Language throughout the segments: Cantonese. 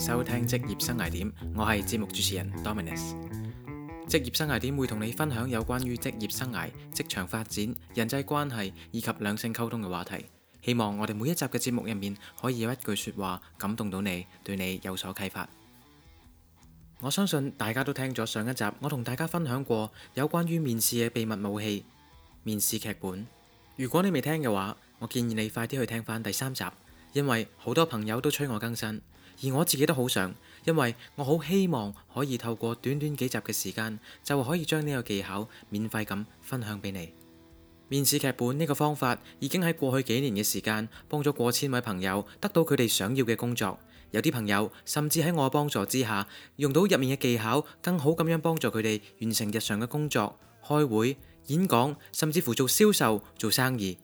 收聽職業生涯點，我係節目主持人 Dominus。職業生涯點會同你分享有關於職業生涯、職場發展、人際關係以及兩性溝通嘅話題。希望我哋每一集嘅節目入面可以有一句說話感動到你，對你有所啟發。我相信大家都聽咗上一集，我同大家分享過有關於面試嘅秘密武器——面試劇本。如果你未聽嘅話，我建議你快啲去聽翻第三集，因為好多朋友都催我更新。而我自己都好想，因為我好希望可以透過短短幾集嘅時間，就可以將呢個技巧免費咁分享俾你。面試劇本呢個方法已經喺過去幾年嘅時間，幫咗過千位朋友得到佢哋想要嘅工作。有啲朋友甚至喺我幫助之下，用到入面嘅技巧，更好咁樣幫助佢哋完成日常嘅工作、開會、演講，甚至乎做銷售、做生意。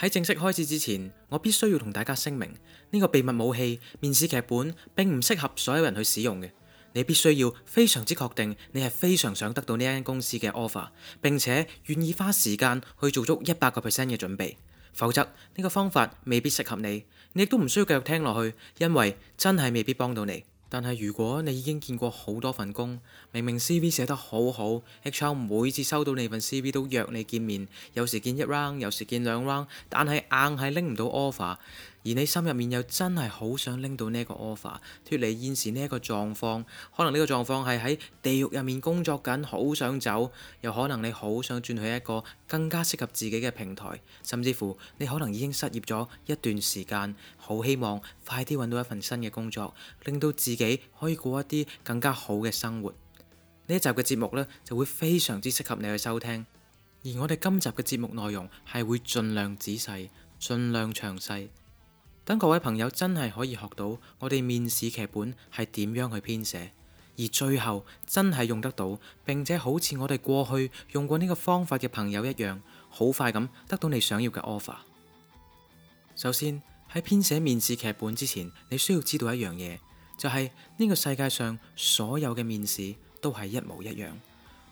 喺正式開始之前，我必須要同大家聲明，呢個秘密武器面試劇本並唔適合所有人去使用嘅。你必須要非常之確定，你係非常想得到呢間公司嘅 offer，並且願意花時間去做足一百個 percent 嘅準備。否則呢個方法未必適合你，你亦都唔需要繼續聽落去，因為真係未必幫到你。但係如果你已經見過好多份工，明明 CV 寫得好好，HR 每次收到你份 CV 都約你見面，有時見一 round，有時見兩 round，但係硬係拎唔到 offer。而你心入面又真係好想拎到呢一個 offer，脫離現時呢一個狀況。可能呢個狀況係喺地獄入面工作緊，好想走；又可能你好想轉去一個更加適合自己嘅平台，甚至乎你可能已經失業咗一段時間，好希望快啲揾到一份新嘅工作，令到自己可以過一啲更加好嘅生活。呢一集嘅節目咧就會非常之適合你去收聽。而我哋今集嘅節目內容係會盡量仔細、盡量詳細。等各位朋友真係可以學到我哋面試劇本係點樣去編寫，而最後真係用得到，並且好似我哋過去用過呢個方法嘅朋友一樣，好快咁得到你想要嘅 offer。首先喺編寫面試劇本之前，你需要知道一樣嘢，就係呢個世界上所有嘅面試都係一模一樣，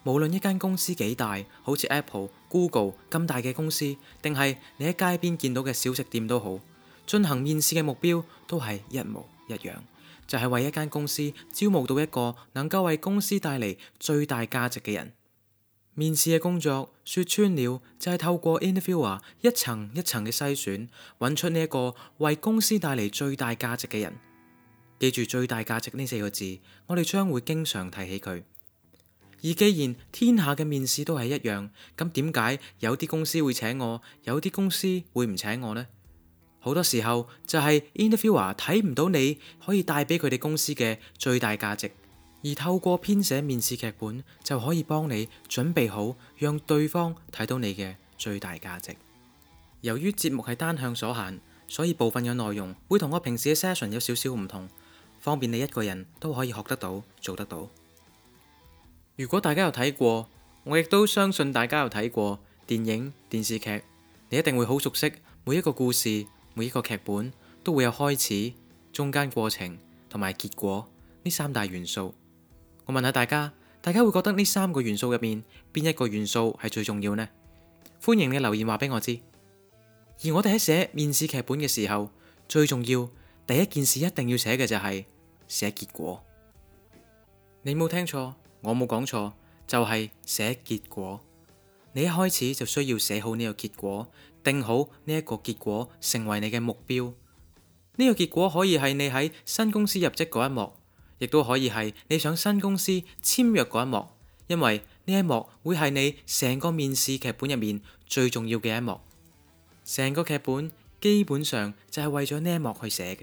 無論一間公司幾大，好似 Apple、Google 咁大嘅公司，定係你喺街邊見到嘅小食店都好。進行面試嘅目標都係一模一樣，就係為一間公司招募到一個能夠為公司帶嚟最大價值嘅人。面試嘅工作說穿了就係透過 interviewer 一層一層嘅篩選，揾出呢一個為公司帶嚟最大價值嘅人。記住最大價值呢四個字，我哋將會經常提起佢。而既然天下嘅面試都係一樣，咁點解有啲公司會請我，有啲公司會唔請我呢？好多時候就係 interviewer 睇唔到你可以帶俾佢哋公司嘅最大價值，而透過編寫面試劇本就可以幫你準備好，讓對方睇到你嘅最大價值。由於節目係單向所限，所以部分嘅內容會同我平時嘅 session 有少少唔同，方便你一個人都可以學得到、做得到。如果大家有睇過，我亦都相信大家有睇過電影、電視劇，你一定會好熟悉每一個故事。每一個劇本都會有開始、中間過程同埋結果呢三大元素。我問下大家，大家會覺得呢三個元素入面邊一個元素係最重要呢？歡迎你留言話俾我知。而我哋喺寫面試劇本嘅時候，最重要第一件事一定要寫嘅就係寫結果。你冇聽錯，我冇講錯，就係寫結果。你一開始就需要寫好呢個結果，定好呢一個結果成為你嘅目標。呢個結果可以係你喺新公司入職嗰一幕，亦都可以係你想新公司簽約嗰一幕，因為呢一幕會係你成個面試劇本入面最重要嘅一幕。成個劇本基本上就係為咗呢一幕去寫嘅。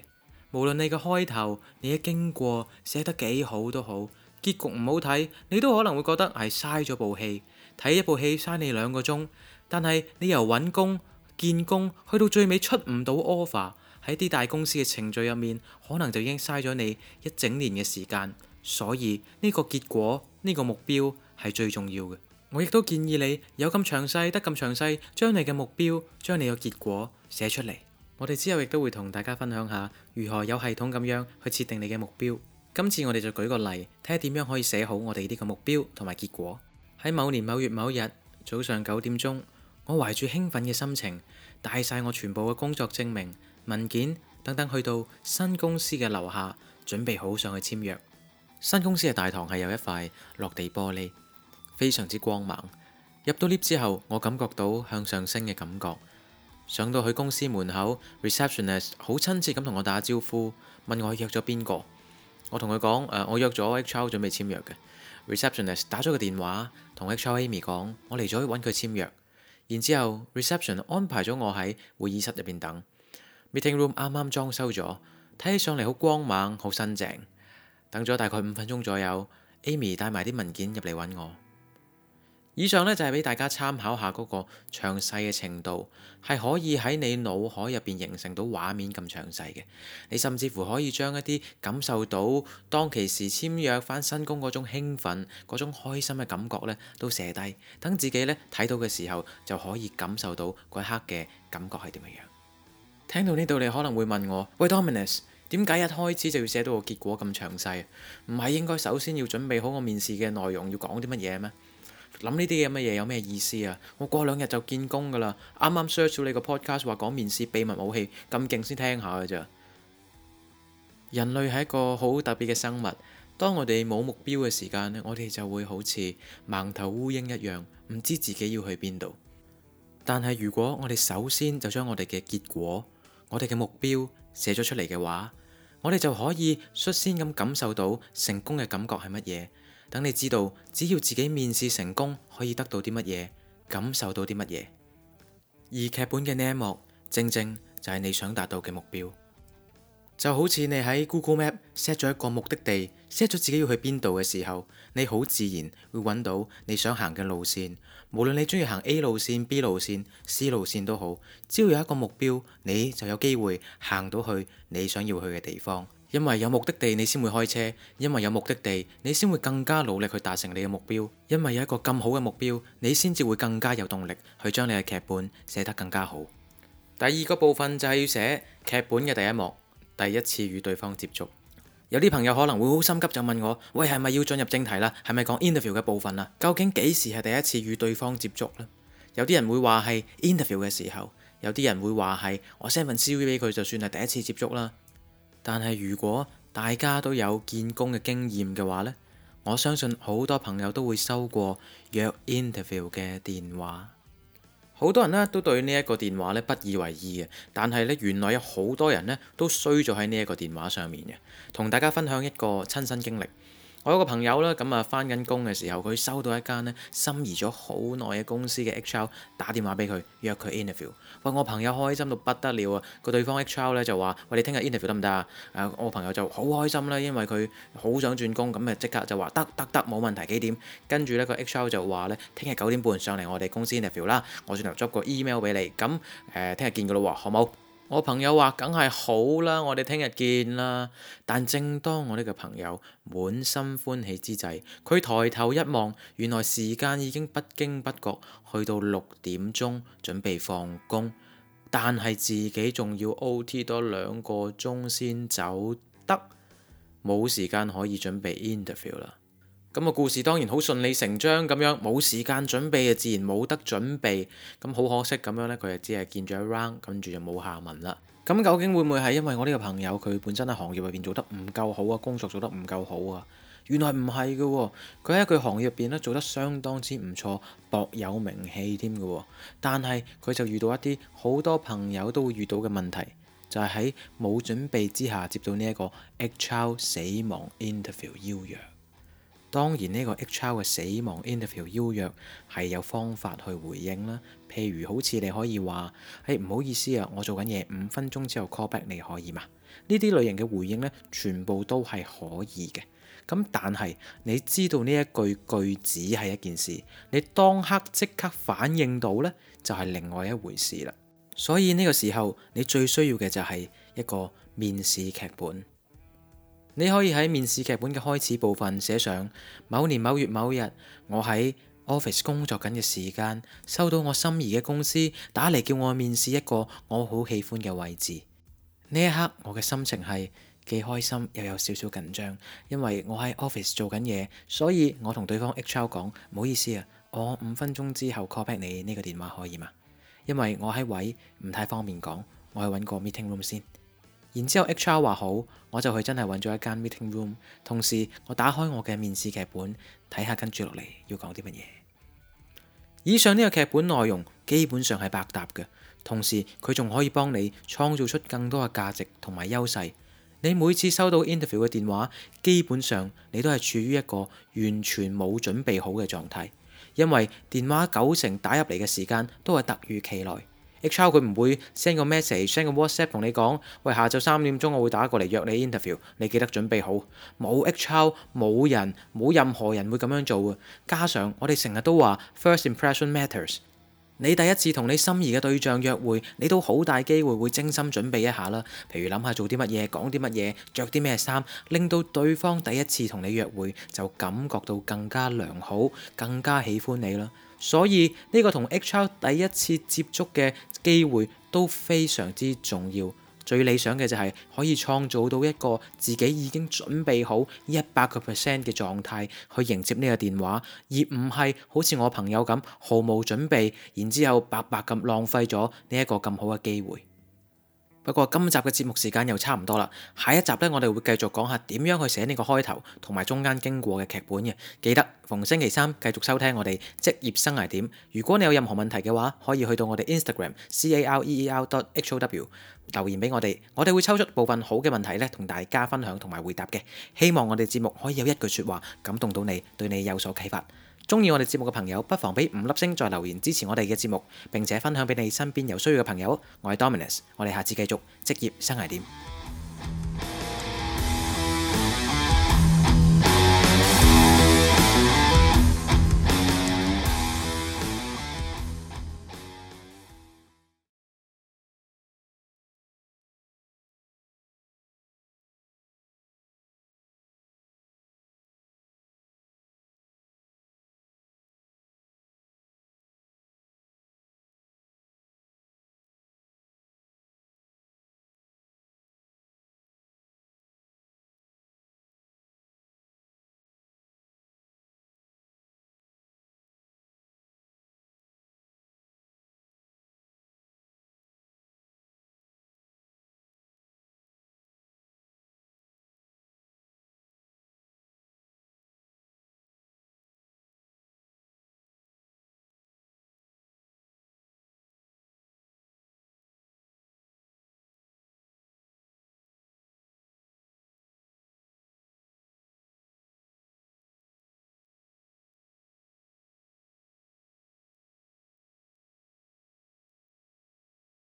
無論你嘅開頭、你嘅經過寫得幾好都好，結局唔好睇，你都可能會覺得係嘥咗部戲。睇一部戲嘥你兩個鐘，但係你由搵工、見工去到最尾出唔到 offer，喺啲大公司嘅程序入面，可能就已經嘥咗你一整年嘅時間。所以呢個結果，呢個目標係最重要嘅。我亦都建議你有咁詳細，得咁詳細，將你嘅目標，將你嘅結果寫出嚟。我哋之後亦都會同大家分享下如何有系統咁樣去設定你嘅目標。今次我哋就舉個例，睇下點樣可以寫好我哋呢個目標同埋結果。喺某年某月某日早上九點鐘，我懷住興奮嘅心情，帶晒我全部嘅工作證明文件等等，去到新公司嘅樓下，準備好上去簽約。新公司嘅大堂係有一塊落地玻璃，非常之光猛。入到 lift 之後，我感覺到向上升嘅感覺。上到去公司門口，Receptionist 好親切咁同我打招呼，問我約咗邊個。我同佢講：誒，我約咗 HR 準備簽約嘅。receptionist 打咗個電話同 HR Amy 講，我嚟咗揾佢簽約。然之後 reception 安排咗我喺會議室入邊等。 meeting room 啱啱裝修咗，睇起上嚟好光猛，好新淨。等咗大概五分鐘左右 ，Amy 帶埋啲文件入嚟揾我。以上呢，就係、是、俾大家參考下嗰個詳細嘅程度，係可以喺你腦海入邊形成到畫面咁詳細嘅。你甚至乎可以將一啲感受到當其時簽約返新工嗰種興奮、嗰種開心嘅感覺呢，都寫低，等自己呢睇到嘅時候就可以感受到嗰一刻嘅感覺係點樣樣。聽到呢度，你可能會問我：喂，Dominus，點解一開始就要寫到個結果咁詳細？唔係應該首先要準備好我面試嘅內容，要講啲乜嘢咩？諗呢啲咁嘅嘢有咩意思啊？我過兩日就見工㗎喇！啱啱 search 咗你個 podcast，話講面試秘密武器咁勁，先聽下㗎咋。人類係一個好特別嘅生物。當我哋冇目標嘅時間咧，我哋就會好似盲頭烏蠅一樣，唔知自己要去邊度。但係如果我哋首先就將我哋嘅結果、我哋嘅目標寫咗出嚟嘅話，我哋就可以率先咁感受到成功嘅感覺係乜嘢。等你知道，只要自己面試成功，可以得到啲乜嘢，感受到啲乜嘢。而劇本嘅呢一幕，正正就係你想達到嘅目標。就好似你喺 Google Map set 咗一個目的地，set 咗自己要去邊度嘅時候，你好自然會揾到你想行嘅路線。無論你中意行 A 路線、B 路線、C 路線都好，只要有一個目標，你就有機會行到去你想要去嘅地方。因為有目的地你先會開車，因為有目的地你先會更加努力去達成你嘅目標，因為有一個咁好嘅目標，你先至會更加有動力去將你嘅劇本寫得更加好。第二個部分就係要寫劇本嘅第一幕，第一次與對方接觸。有啲朋友可能會好心急就問我：喂，係咪要進入正題啦？係咪講 interview 嘅部分啦？究竟幾時係第一次與對方接觸呢？有啲人會話係 interview 嘅時候，有啲人會話係我 send 份 CV 俾佢就算係第一次接觸啦。但係如果大家都有見工嘅經驗嘅話呢，我相信好多朋友都會收過約 Interview 嘅電話，好多人呢都對呢一個電話呢不以為意嘅，但係呢原來有好多人呢都衰咗喺呢一個電話上面嘅，同大家分享一個親身經歷。我有個朋友啦，咁啊返緊工嘅時候，佢收到一間呢心儀咗好耐嘅公司嘅 HR 打電話俾佢約佢 interview，喂我朋友開心到不得了啊！個 對方 HR 呢就話：喂，你聽日 interview 得唔得啊？誒，我朋友就好開心啦，因為佢好想轉工，咁啊即刻就話得得得，冇問題，幾點？跟住呢個 HR 就話呢聽日九點半上嚟我哋公司 interview 啦，我轉頭執個 email 俾你，咁誒聽日見噶咯喎，好唔好？我朋友話梗係好啦，我哋聽日見啦。但正當我呢個朋友滿心歡喜之際，佢抬頭一望，原來時間已經不經不覺去到六點鐘，準備放工，但係自己仲要 OT 多兩個鐘先走得，冇時間可以準備 interview 啦。咁個故事當然好順理成章咁樣，冇時間準備啊，自然冇得準備。咁好可惜咁樣呢，佢就只係見咗一 round，跟住就冇下文啦。咁究竟會唔會係因為我呢個朋友佢本身喺行業入邊做得唔夠好啊？工作做得唔夠好啊？原來唔係噶，佢喺佢行業入邊呢做得相當之唔錯，薄有名氣添噶。但係佢就遇到一啲好多朋友都會遇到嘅問題，就係喺冇準備之下接到呢一個 HR 死亡 interview 邀約。當然呢個 HR 嘅死亡 interview 邀約係有方法去回應啦，譬如好似你可以話：誒唔好意思啊，我做緊嘢，五分鐘之後 call back 你可以嘛？呢啲類型嘅回應呢，全部都係可以嘅。咁但係你知道呢一句句子係一件事，你當刻即刻反應到呢，就係、是、另外一回事啦。所以呢個時候你最需要嘅就係一個面試劇本。你可以喺面試劇本嘅開始部分寫上某年某月某日，我喺 office 工作緊嘅時間，收到我心儀嘅公司打嚟叫我面試一個我好喜歡嘅位置。呢一刻我嘅心情係既開心又有少少緊張，因為我喺 office 做緊嘢，所以我同對方 HR 講，唔好意思啊，我五分鐘之後 call back 你呢個電話可以嗎？因為我喺位唔太方便講，我去搵個 meeting room 先。然之後，HR 話好，我就去真係揾咗一間 meeting room，同時我打開我嘅面試劇本睇下跟住落嚟要講啲乜嘢。以上呢個劇本內容基本上係百搭嘅，同時佢仲可以幫你創造出更多嘅價值同埋優勢。你每次收到 interview 嘅電話，基本上你都係處於一個完全冇準備好嘅狀態，因為電話九成打入嚟嘅時間都係突如其來。HR 佢唔會 send 個 message，send 個 WhatsApp 同你講：喂，下晝三點鐘我會打過嚟約你 interview，你記得準備好。冇 HR，冇人，冇任何人會咁樣做啊！加上我哋成日都話 first impression matters，你第一次同你心儀嘅對象約會，你都好大機會會精心準備一下啦。譬如諗下做啲乜嘢，講啲乜嘢，着啲咩衫，令到對方第一次同你約會就感覺到更加良好，更加喜歡你啦。所以呢個同 H.R. 第一次接觸嘅機會都非常之重要。最理想嘅就係可以創造到一個自己已經準備好一百個 percent 嘅狀態去迎接呢個電話，而唔係好似我朋友咁毫無準備，然之後白白咁浪費咗呢一個咁好嘅機會。不過今集嘅節目時間又差唔多啦，下一集呢，我哋會繼續講下點樣去寫呢個開頭同埋中間經過嘅劇本嘅。記得逢星期三繼續收聽我哋職業生涯點。如果你有任何問題嘅話，可以去到我哋 Instagram C A R E E R dot H O W 留言俾我哋，我哋會抽出部分好嘅問題呢，同大家分享同埋回答嘅。希望我哋節目可以有一句說話感動到你，對你有所啟發。中意我哋節目嘅朋友，不妨俾五粒星再留言支持我哋嘅節目，並且分享俾你身邊有需要嘅朋友。我係 Dominus，我哋下次繼續職業生涯點。